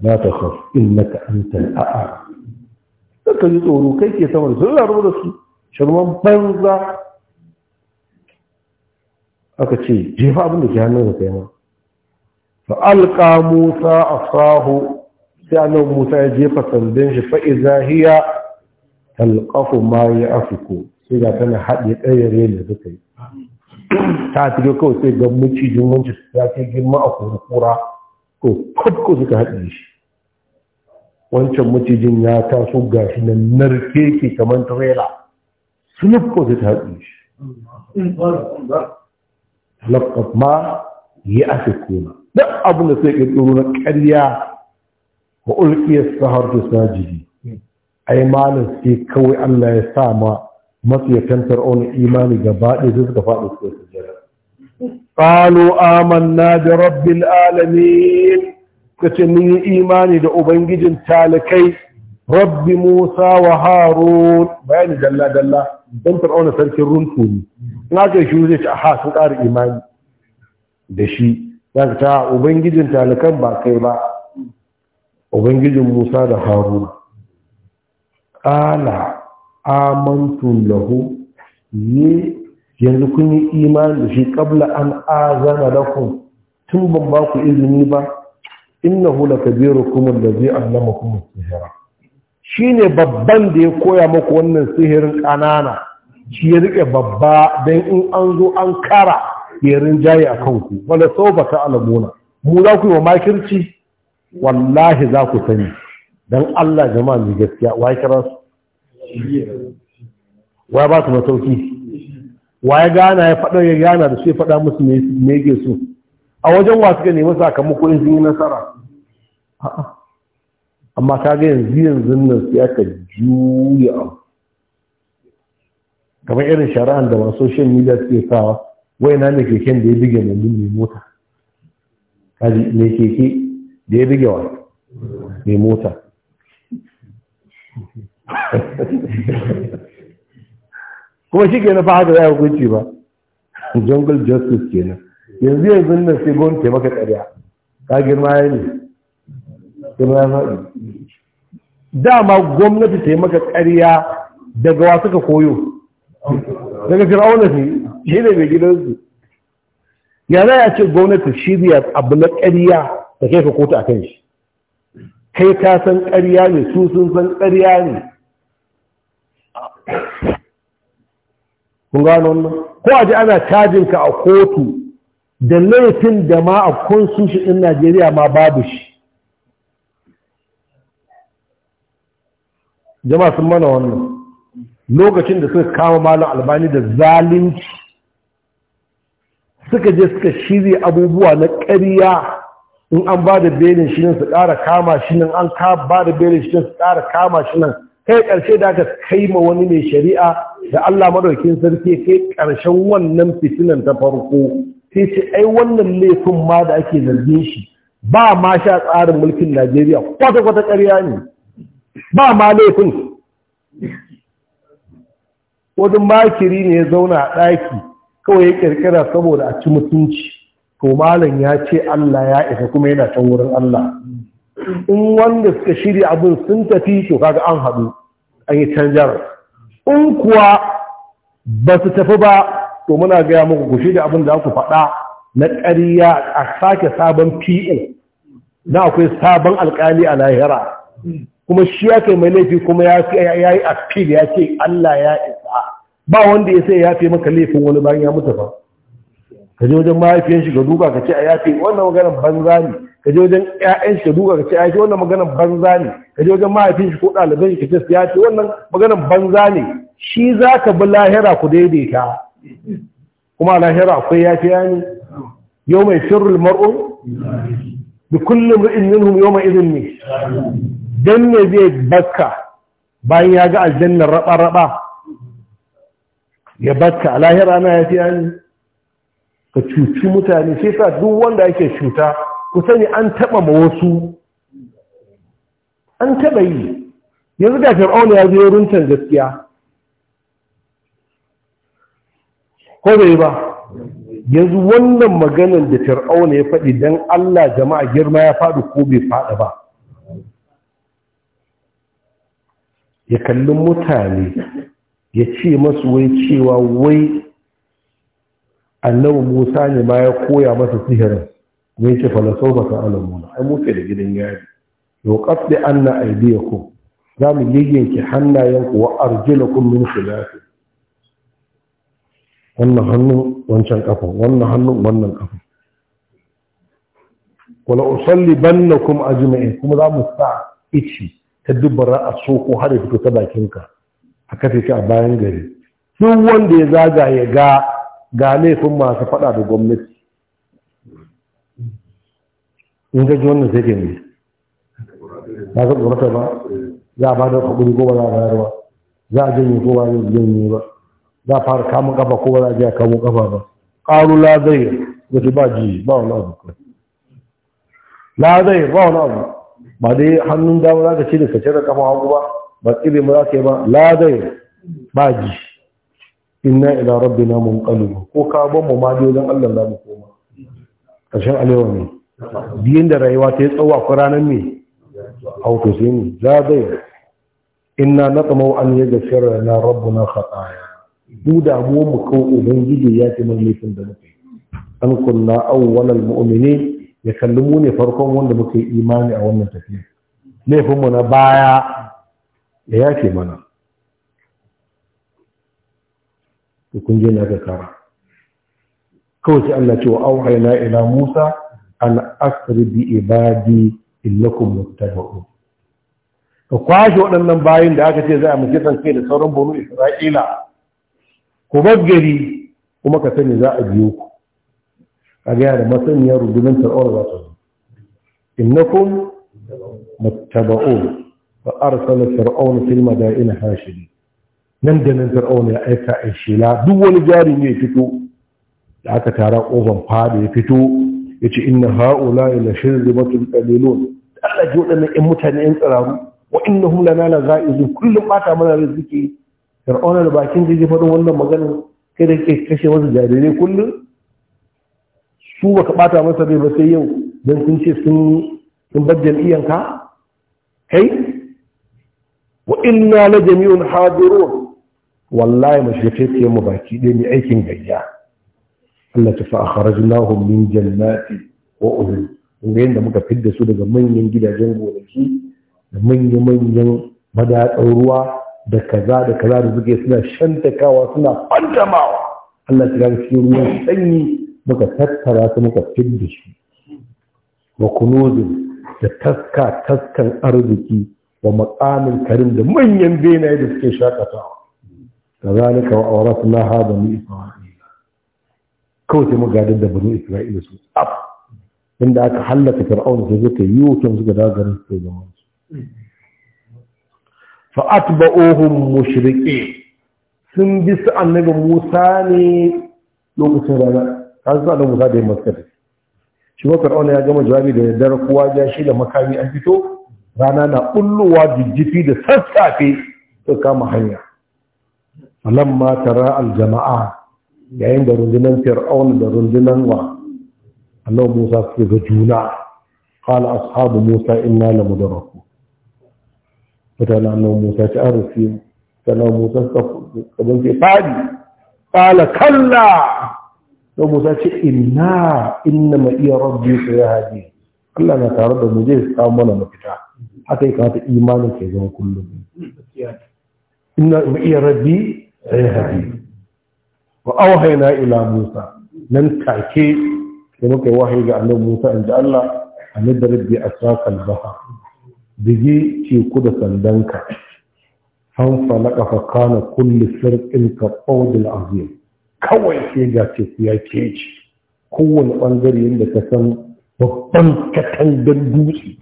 لا تخف إنك أنت الأعلى لك يطور كيف يتمنى سلا رب رسول شرما بنزا أكتشي جيفا من جهنم وكيما فألقى موسى أصاه سأنه موسى جيفا سندنج فإذا هي تلقف ما يعفكون إذا كان حد يتأير يلي ذكي ta fito kawai sai ga macijin wancan ya ke girma a kurkura ko kwatko suka haɗe shi wancan macijin ya taso gashi na narke ke kamar trela sunufko suka haɗe shi lakkaf ma yi ake kuma duk abin da sai ƙirƙiro na ƙarya wa ulkiyar sahar da sajidi ai malam sai kawai allah ya sa ma Masu mafiyakan fir'auna imani gaba ɗaya sai suka faɗi suka sujjada qalu amanna bi rabbil alamin kace mun yi imani da ubangijin talakai rabbi musa wa harun bayani dalla dalla dan fir'auna sarkin runtu ne in aka shi zai ce aha sun ƙara imani da shi zaka ta ubangijin talakan ba kai ba ubangijin musa da harun qala amantu lahu ye yanzu kun yi imani da shi kabla an azana lakum tun ban ba ku izini ba innahu lakabirukum allazi allamakum as Shi ne babban da ya koya maku wannan sihirin ƙanana shi ya rike babba dan in an zo an kara yarin jayi a kanku wala ta alamuna mu za ku yi wa makirci wallahi za ku sani dan Allah jama'a mai gaskiya wa kira wa ba su matauki wa ya gana ya faɗa ya gana da su ya faɗa musu me yake so a wajen wa suka nemi sakamako in sun yi nasara amma ta ga yanzu yanzu nan sai aka juya kamar irin shari'an da masu social media suke sawa wai na ne keken da ya bige mai mai mota kaji ne keke da ya bige wa mai mota kuma shi ke na fa haka za hukunci ba jungle justice ke nan. yanzu yanzu na sai gwamnati maka ƙarya ka girma ya ne girma ya faɗi dama gwamnati ta yi maka ƙarya daga wa suka koyo daga fir'auna ne shi ne mai gidansu ya za a ce gwamnati shirya abu na ƙarya da kai ka kotu a kan shi kai ka san ƙarya ne su sun san ƙarya ne kun gano wannan ko a ji ana cajin ka a kotu da laifin da ma a constitution din Najeriya ma babu shi jama'a sun mana wannan lokacin da suka kama malam albani da zalunci suka je suka shirya abubuwa na ƙarya in an ba da belin shi su ƙara kama shi nan an ba da belin shi nan su ƙara kama shi nan kai ƙarshe da aka kai ma wani mai shari'a da Allah madaukin sarki kai ƙarshen wannan fitinan ta farko sai ce ai wannan laifin ma da ake zargin shi ba ma sha tsarin mulkin Najeriya kwata-kwata ƙarya ne ba ma laifin wajen makiri ne ya zauna a ɗaki kawai ya ƙirƙira saboda a ci mutunci to malam ya ce Allah ya isa kuma yana can wurin Allah in wanda suka shirya abin sun tafi to kaga an haɗu an yi canjar in kuwa ba su tafi ba to muna gaya muku ku da abin da ku faɗa na ƙariya a sake sabon PO na akwai sabon alƙali a lahira kuma shi ya kai mai laifi kuma ya yi appeal ya ce Allah ya isa ba wanda ya sai ya fi maka laifin wani bayan ya mutu ba ka je wajen mahaifiyar shi ga duka ka ce a yafi, wannan maganar banza ne ka je wajen ƴaƴan shi ga duka ka ce a yafi, wannan maganar banza ne ka je wajen mahaifin shi ko ɗaliban shi ka ce ya ce wannan maganar banza ne shi za ka bi lahira ku daidaita kuma lahira akwai ya ya ne yau mai firul mar'un da kullum ri'in minhum yau mai izin ne dan ne zai bakka bayan ya ga aljannar raba-raba ya bakka lahira na yafiya ne ka cuci mutane sai sa duk wanda ake cuta ku sani an taɓa ma wasu an taɓa yi yanzu da fir'auna ya zo runtan gaskiya ko bai ba yanzu wannan maganar da fir'auna ya faɗi don allah jama'a girma ya faɗi ko bai faɗa ba ya kalli mutane ya ce masu wai cewa wai annabi musa ne ma ya koya masa sihirin ne ce falasofa ta alamuna ai muke da gidan yari yau kafde an na aidiya ku za mu yayyanke hannayen ku wa arjila kun min filafi wannan hannun wancan kafan wannan hannun wannan kafan wala usalli bannakum ajma'in kuma za mu sa ici ta dubbara a soko har ya fito ta bakinka a kafe ki a bayan gari duk wanda ya zaga ya ga ga laifin masu fada da gwamnati in gaji wannan sai ke mai ba ka tsorata ba za a ba da kuɗi ko ba za a ba za a janye ko ba za a janye ba za a fara kamun kafa ko ba za a je kamun kafa ba ƙaru la zai da ba ji ba wani abu la zai ba wani abu ba dai hannun dama za ka ce da ka da kafa hagu ba ba tsibe mu za ka yi ba la zai ba ji inna ila rabbina munqalibun ko ka ban mu ma dole Allah za mu koma kashin alewa ne biyin da rayuwa ta yi tsawo akwai ranar me auto sai ne za zai inna naqmu an yaghfira lana rabbuna khataaya mu da mu mu ko ubangiji ya fi mun laifin da muke an kunna awwalal mu'minin ya kalli mu ne farkon wanda muke imani a wannan tafiya laifin mu na baya ya yake mana da kun je na ga kara kawai sai Allah ce wa auha ila Musa an asri bi ibadi illakum muttaba'u ka kwashe waɗannan bayin da aka ce za a muke san kai da sauran banu Isra'ila ku bar gari kuma ka sani za a biyo ku a ga da masaniyar rundunar fir'auna za ta zo innakum muttaba'u fa arsala fir'aun fil madaina hashirin nan da nan fir'auna ya aika a shela duk wani jari ne ya fito da aka tara ƙofan fada ya fito ya ce inna ha'ula ila da matul Da Allah ji waɗannan ƴan mutane ƴan tsararu wa na na la za'izun kullum ɓata mana riziki fir'auna da bakin da ya faɗin wannan magana kai da ke kashe masa jarirai kullum su baka bata masa bai ba sai yau don sun ce sun sun bar jam'iyyanka kai wa inna la jami'un hadirun wallahi mu shiga mu baki ɗaya mai aikin gayya Allah ta fa akhrajnahum min jannati wa uyun inda yanda muka fidda su daga manyan gidajen gonaki da manya-manyan madatsar ruwa da kaza da kaza da suke suna shantakawa suna fantamawa Allah ta gani cikin ruwan sanyi muka tattara su muka fidda shi wa kunuzin da taska taskan arziki wa makamin karim da manyan benaye da suke shakatawa kazalika wa awrasnaha bani isra'ila kawai sai muka gadar da bani isra'ila su tsaf inda aka hallaka fir'auna sai suka yi wutan suka dawo garin su zama su fa atba'uhum mushriqin sun bi su annabi Musa ne lokacin rana an sa da Musa da Yamma suka shi ko Fir'auna ya gama jawabi da daddare kowa ya shi da makami an fito rana na bullowa fi da sassafe ta kama hanya falamma tara aljama'a yayin da rundunan fir'auna da rundunan wa annabi Musa suke ga juna qala ashabu Musa inna la mudraku mutanen annabi Musa ta arfi sannan Musa ta kaban ke fadi qala kalla to Musa ce inna inna ma iya rabbi sayahdi Allah na tare da mu zai samu mana mafita haka yake ta imanin ke zama kullum inna ma iya rabbi sai haɗi wa auhaina ila musa nan take da muka yi wahayi ga annabi musa inda allah annabi rabbi asaka al biji Bige teku da sandanka fa laka fa kana kulli sirqin ka qawdul azim kawai sai ga teku ya keji kowane bangare inda ka san babban katangar dutse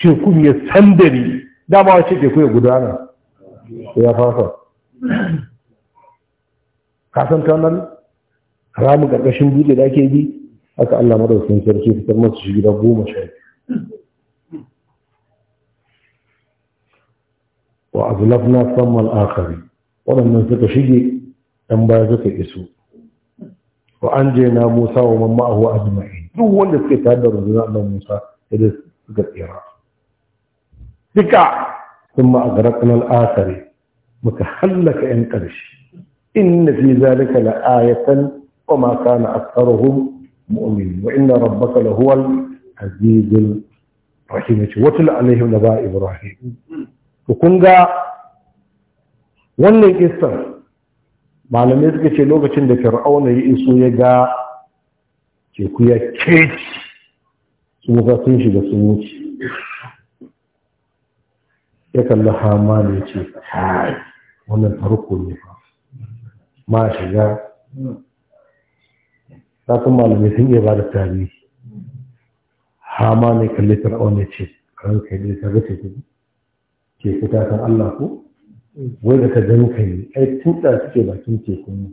tekun ya sandare dama ce teku ya gudana ya fasa Kasan ta nan ramu ƙarƙashin dutse da ake bi aka Allah madaukakin sarki fitar masu shi gida goma sha wa azlafna samman akari waɗannan suka shige ɗan baya suka iso wa an je na musa wa mamma a wa azma'i duk wanda suke tare da rundunar nan musa da suka tsira duka sun ma a garakun al'akari muka hallaka 'yan ƙarshe inna fi zalika la'ayatan wa ma kana aktharuhum mu'min wa inna rabbaka lahuwal azizul rahim watul alaihim naba ibrahim to kun ga wannan kissar malamai suka ce lokacin da fir'auna ya iso ya ga teku ya keci su ga sun shiga sun wuce ya kalli hama ne ce wannan tarko ne fa ma shiga sasun malamai sun iya ba da tarihi hama ne kalli fir'aun ya ce ranka ne ka gace ku ke ku ta Allah ko wai da ka gani ka yi ai tuta suke bakin tekun ne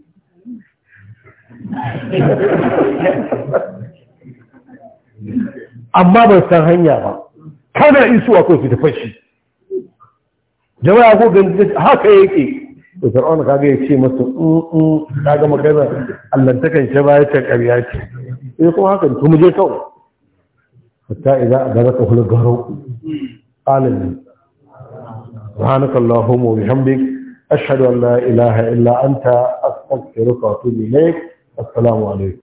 amma ban san hanya ba kana isu akwai fitafashi jama'a ko ganin haka yake da fir'auna kaga ya ce masu in mm, mm, kaga magana allantakan shi ba ya ce ƙarya ce sai eh, kuma hakan to mu je kawai hatta idza adaraka hul garo alim سبحانك اللهم وبحمدك أشهد أن لا إله إلا أنت أستغفرك وأتوب إليك السلام عليكم